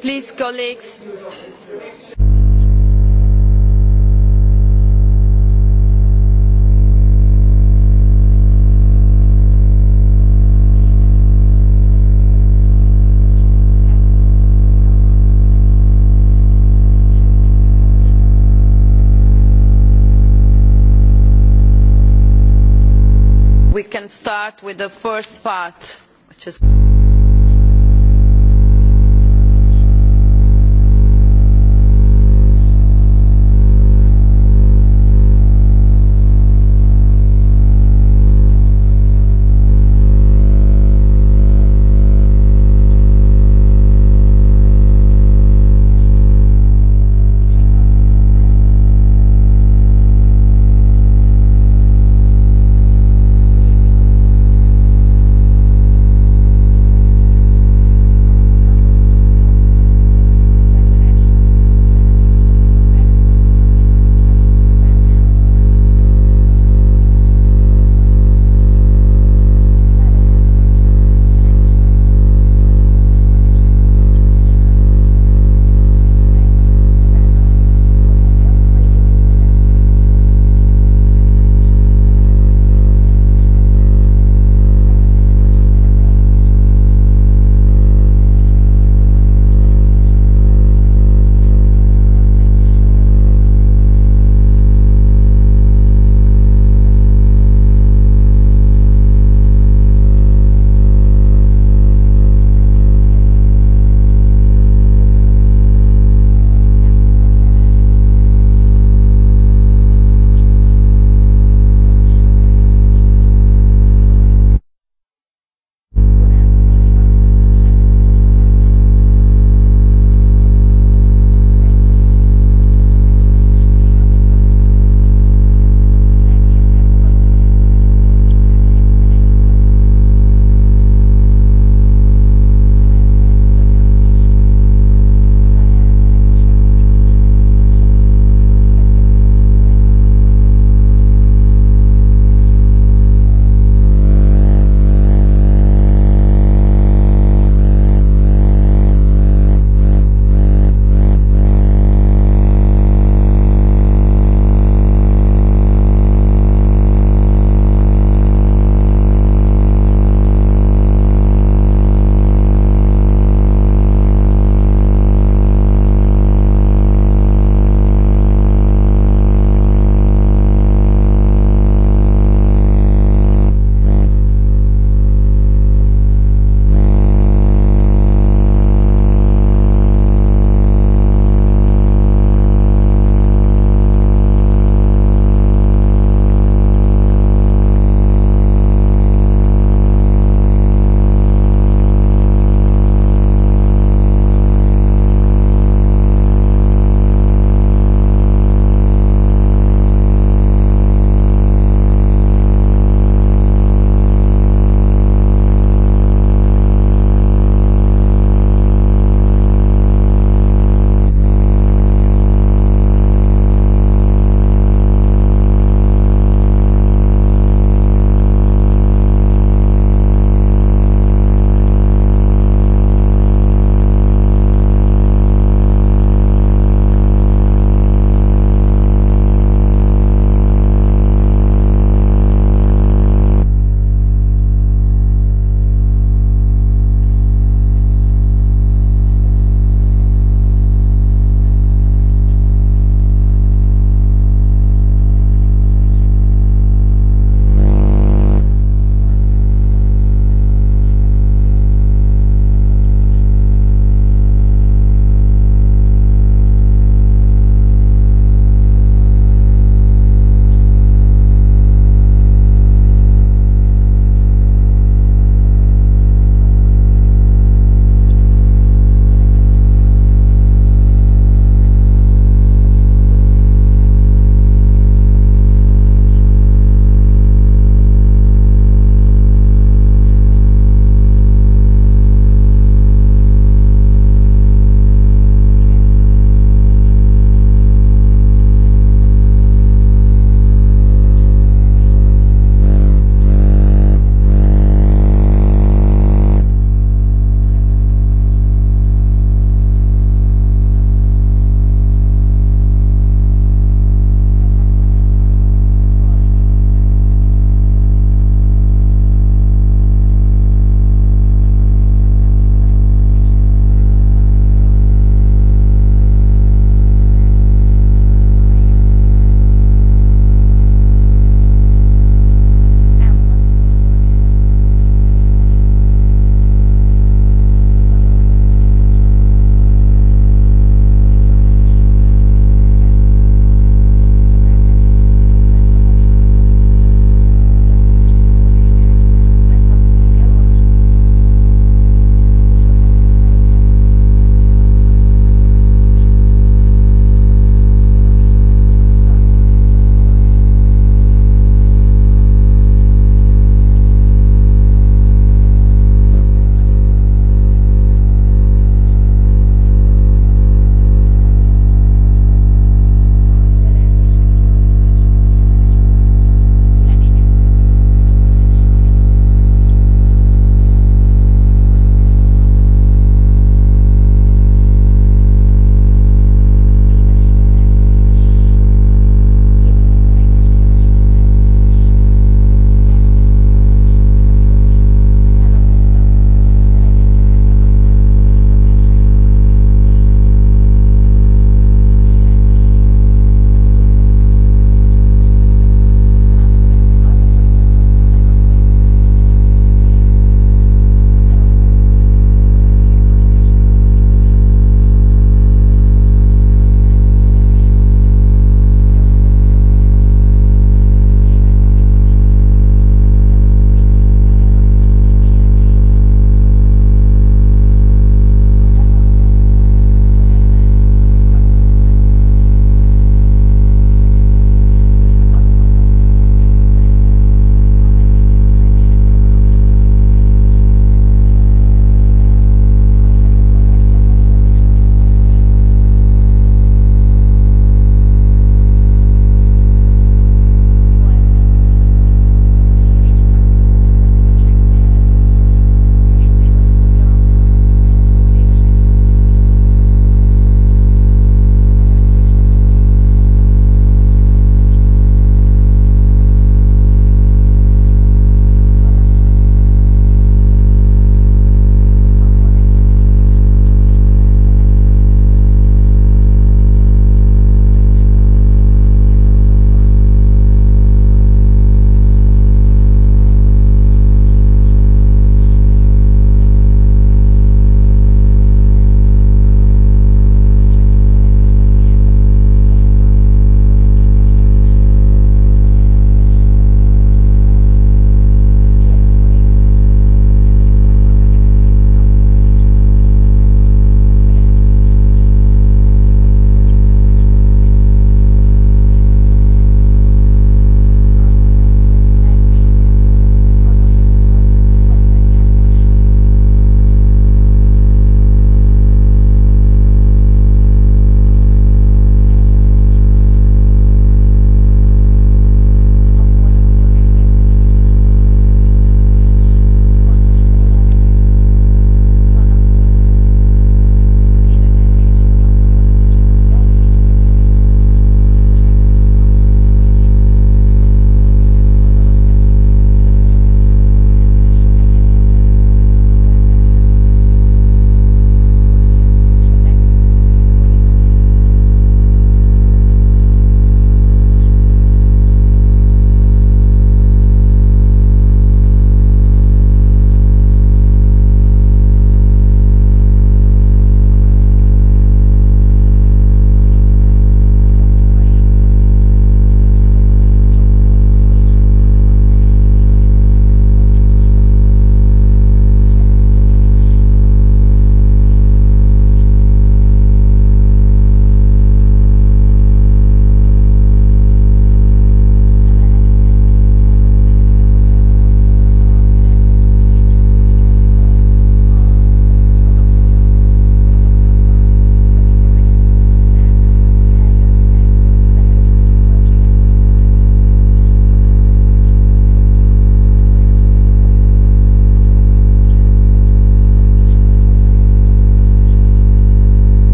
Please, colleagues. We can start with the first part, which is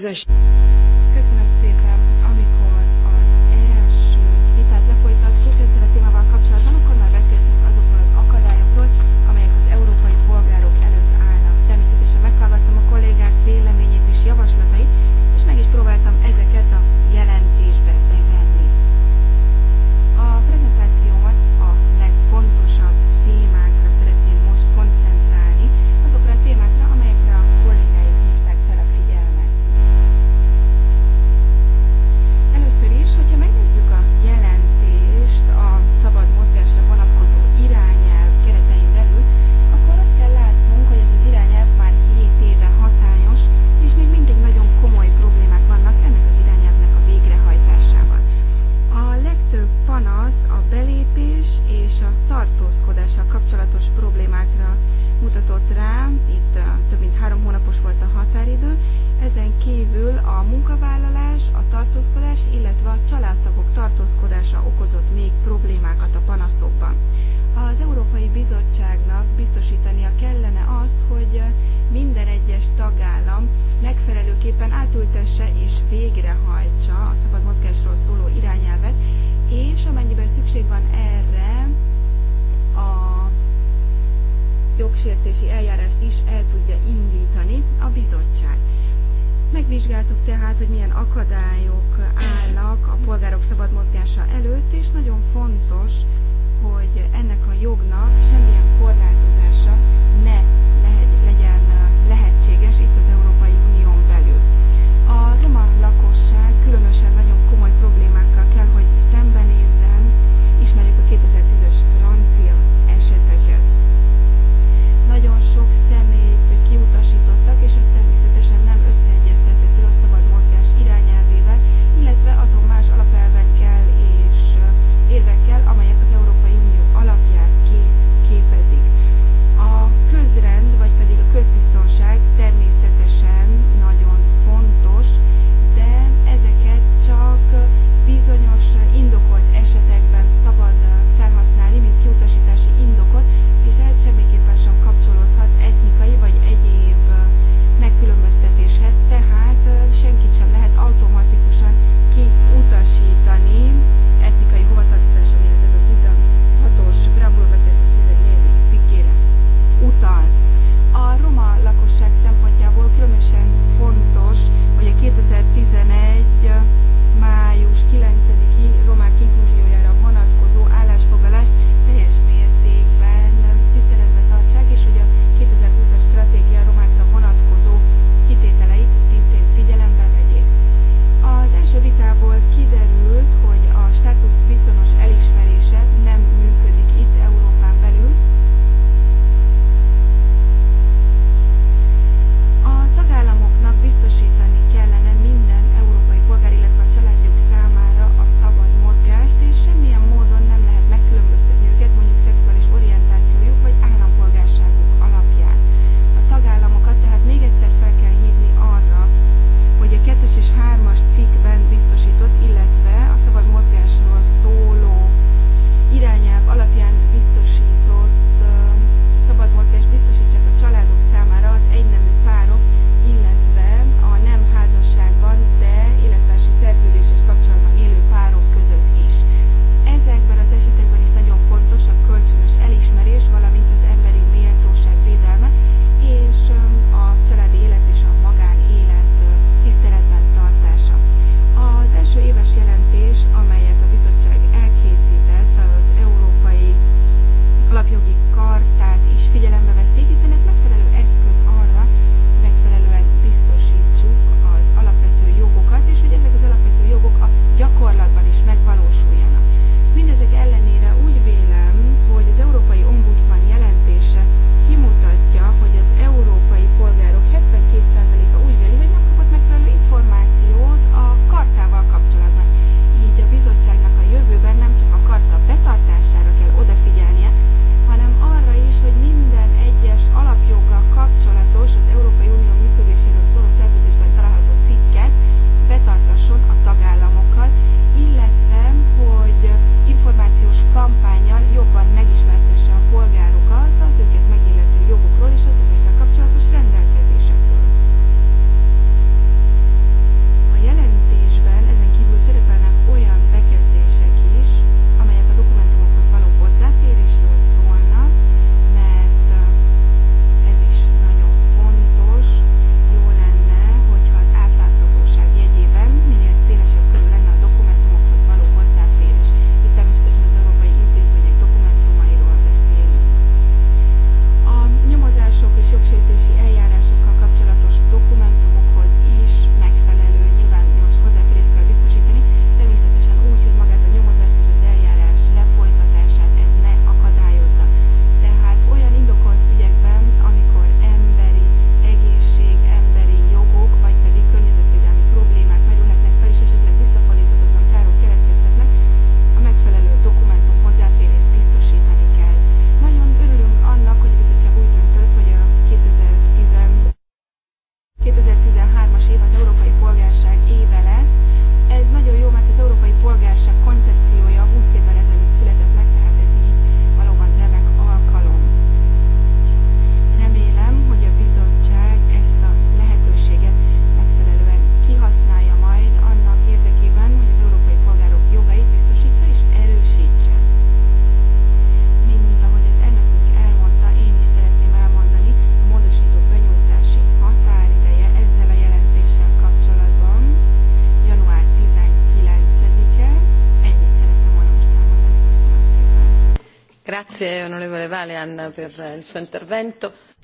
bizonyos. tulajdonképpen átültesse és végrehajtsa a szabad mozgásról szóló irányelvet, és amennyiben szükség van erre, a jogsértési eljárást is el tudja indítani a bizottság. Megvizsgáltuk tehát, hogy milyen akadályok állnak a polgárok szabad mozgása előtt, és nagyon fontos, hogy ennek a jognak semmilyen korlátozása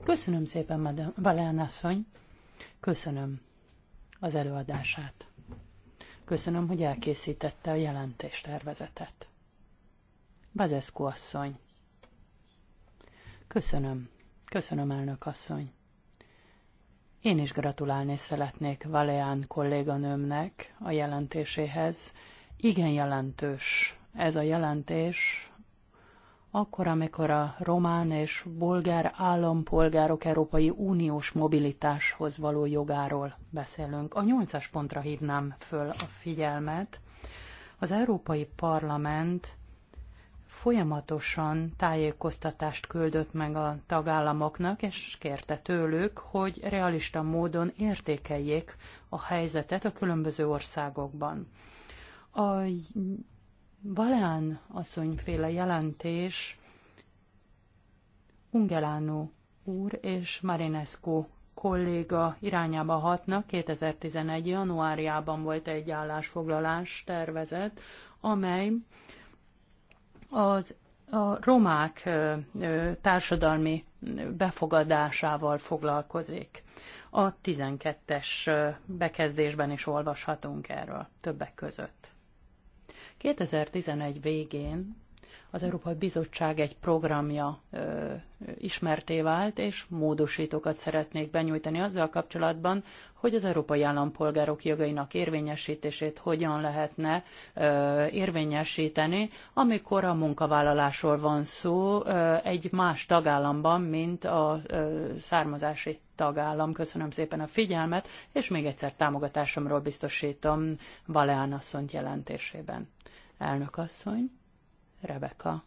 Köszönöm szépen, Valean asszony. Köszönöm az előadását. Köszönöm, hogy elkészítette a jelentéstervezetet. Bazescu asszony. Köszönöm. Köszönöm, elnök asszony. Én is gratulálni szeretnék Valéán kolléganőmnek a jelentéséhez. Igen jelentős ez a jelentés akkor, amikor a román és bolgár állampolgárok Európai Uniós mobilitáshoz való jogáról beszélünk. A nyolcas pontra hívnám föl a figyelmet. Az Európai Parlament folyamatosan tájékoztatást küldött meg a tagállamoknak, és kérte tőlük, hogy realista módon értékeljék a helyzetet a különböző országokban. A Baleán asszonyféle jelentés Ungelánó úr és Marinescu kolléga irányába hatnak. 2011. januárjában volt egy állásfoglalás tervezet, amely az a romák társadalmi befogadásával foglalkozik. A 12-es bekezdésben is olvashatunk erről többek között. 2011 végén az Európai Bizottság egy programja ö, ismerté vált, és módosítókat szeretnék benyújtani azzal kapcsolatban, hogy az európai állampolgárok jogainak érvényesítését hogyan lehetne ö, érvényesíteni, amikor a munkavállalásról van szó ö, egy más tagállamban, mint a ö, származási tagállam. Köszönöm szépen a figyelmet, és még egyszer támogatásomról biztosítom Valeán asszonyt jelentésében. Elnök asszony. Rebeka.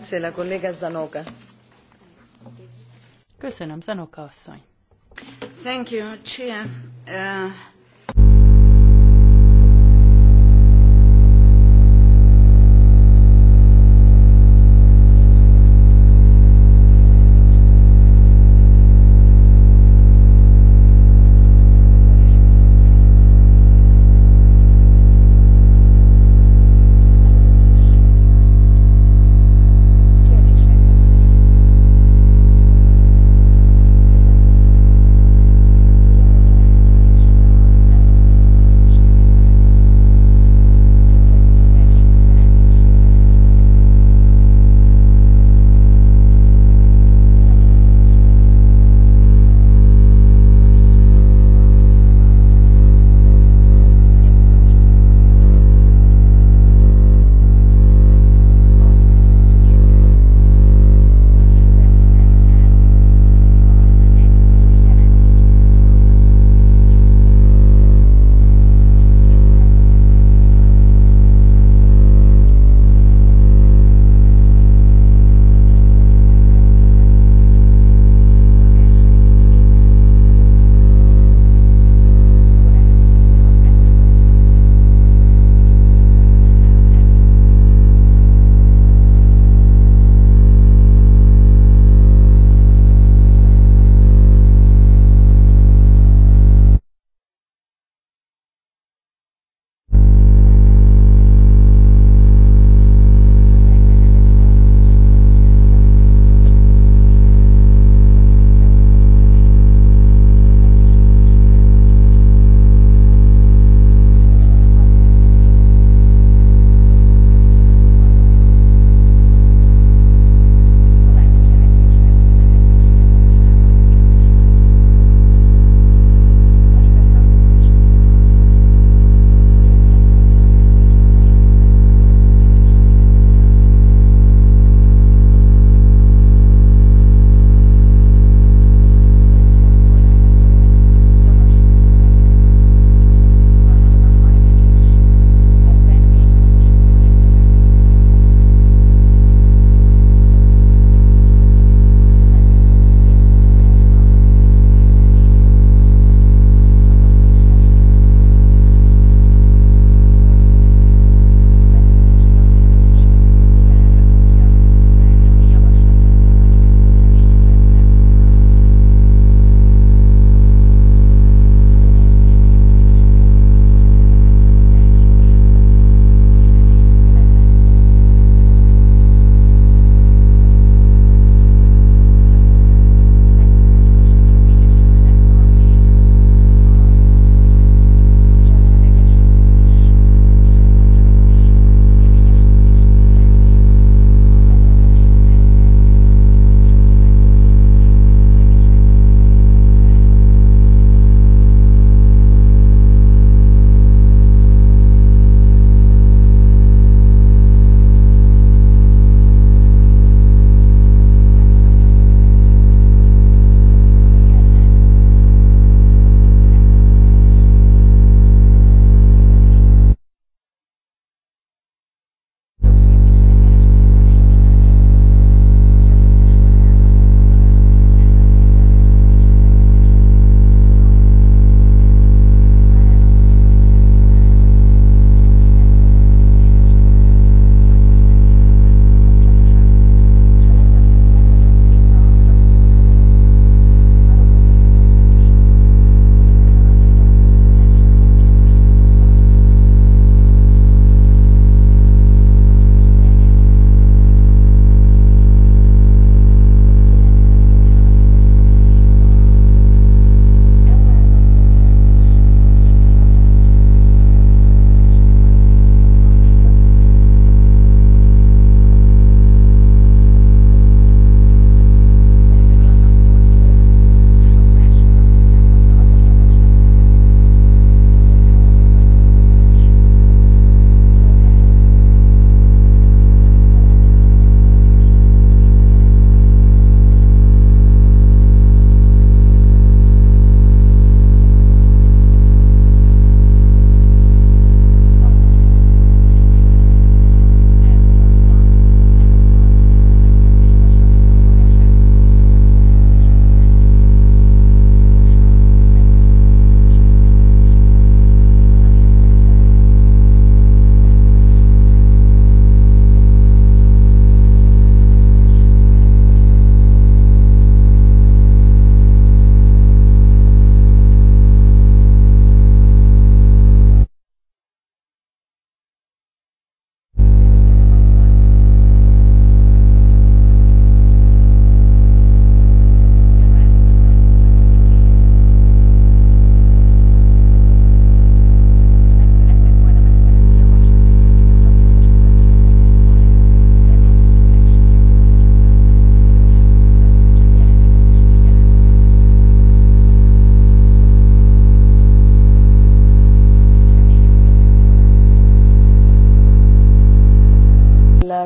Grazie, la collega Zanoka. Köszönöm, Zanoka asszony. Thank you, Chia. Uh...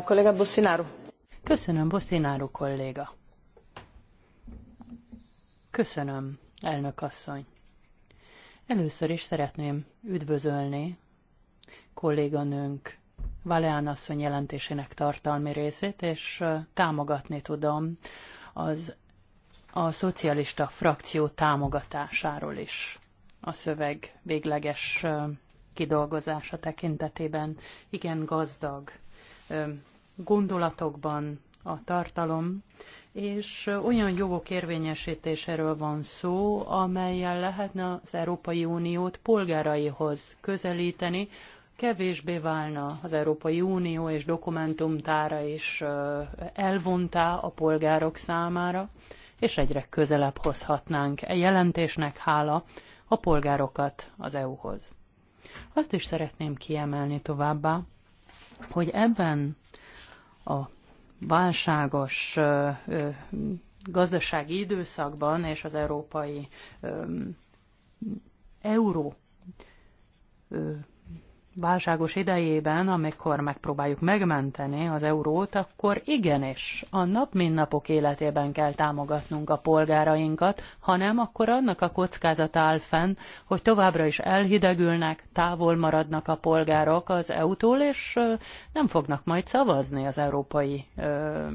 kollega Köszönöm, Bosszináru kolléga. Köszönöm, elnök asszony. Először is szeretném üdvözölni kolléganőnk Valéán asszony jelentésének tartalmi részét, és támogatni tudom az a szocialista frakció támogatásáról is a szöveg végleges kidolgozása tekintetében igen gazdag gondolatokban a tartalom, és olyan jogok érvényesítéséről van szó, amelyen lehetne az Európai Uniót polgáraihoz közelíteni, kevésbé válna az Európai Unió és dokumentumtára is elvontá a polgárok számára, és egyre közelebb hozhatnánk e jelentésnek hála a polgárokat az EU-hoz. Azt is szeretném kiemelni továbbá, hogy ebben a válságos gazdasági időszakban és az európai euró válságos idejében, amikor megpróbáljuk megmenteni az eurót, akkor igenis a nap napok életében kell támogatnunk a polgárainkat, hanem akkor annak a kockázata áll fenn, hogy továbbra is elhidegülnek, távol maradnak a polgárok az EU-tól, és nem fognak majd szavazni az európai ö,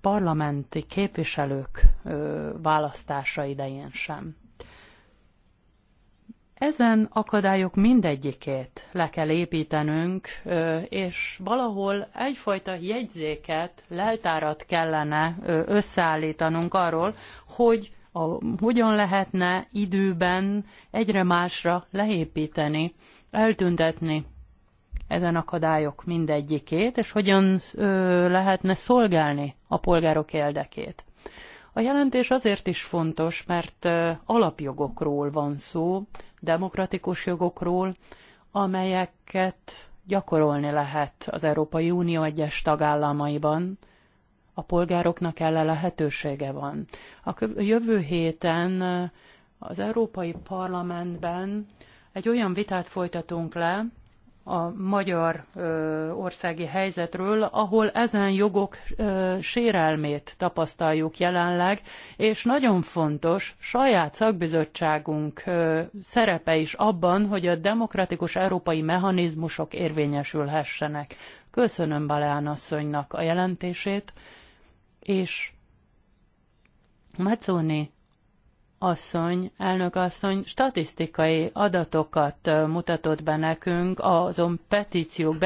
parlamenti képviselők ö, választása idején sem. Ezen akadályok mindegyikét le kell építenünk, és valahol egyfajta jegyzéket, leltárat kellene összeállítanunk arról, hogy a, hogyan lehetne időben egyre másra leépíteni, eltüntetni ezen akadályok mindegyikét, és hogyan lehetne szolgálni a polgárok érdekét. A jelentés azért is fontos, mert alapjogokról van szó, demokratikus jogokról, amelyeket gyakorolni lehet az Európai Unió egyes tagállamaiban, a polgároknak ellen lehetősége van. A jövő héten az Európai Parlamentben egy olyan vitát folytatunk le, a magyar ö, országi helyzetről, ahol ezen jogok ö, sérelmét tapasztaljuk jelenleg, és nagyon fontos saját szakbizottságunk ö, szerepe is abban, hogy a demokratikus európai mechanizmusok érvényesülhessenek. Köszönöm Baleán asszonynak a jelentését, és Mazzoni asszony, elnök asszony statisztikai adatokat mutatott be nekünk azon petíciók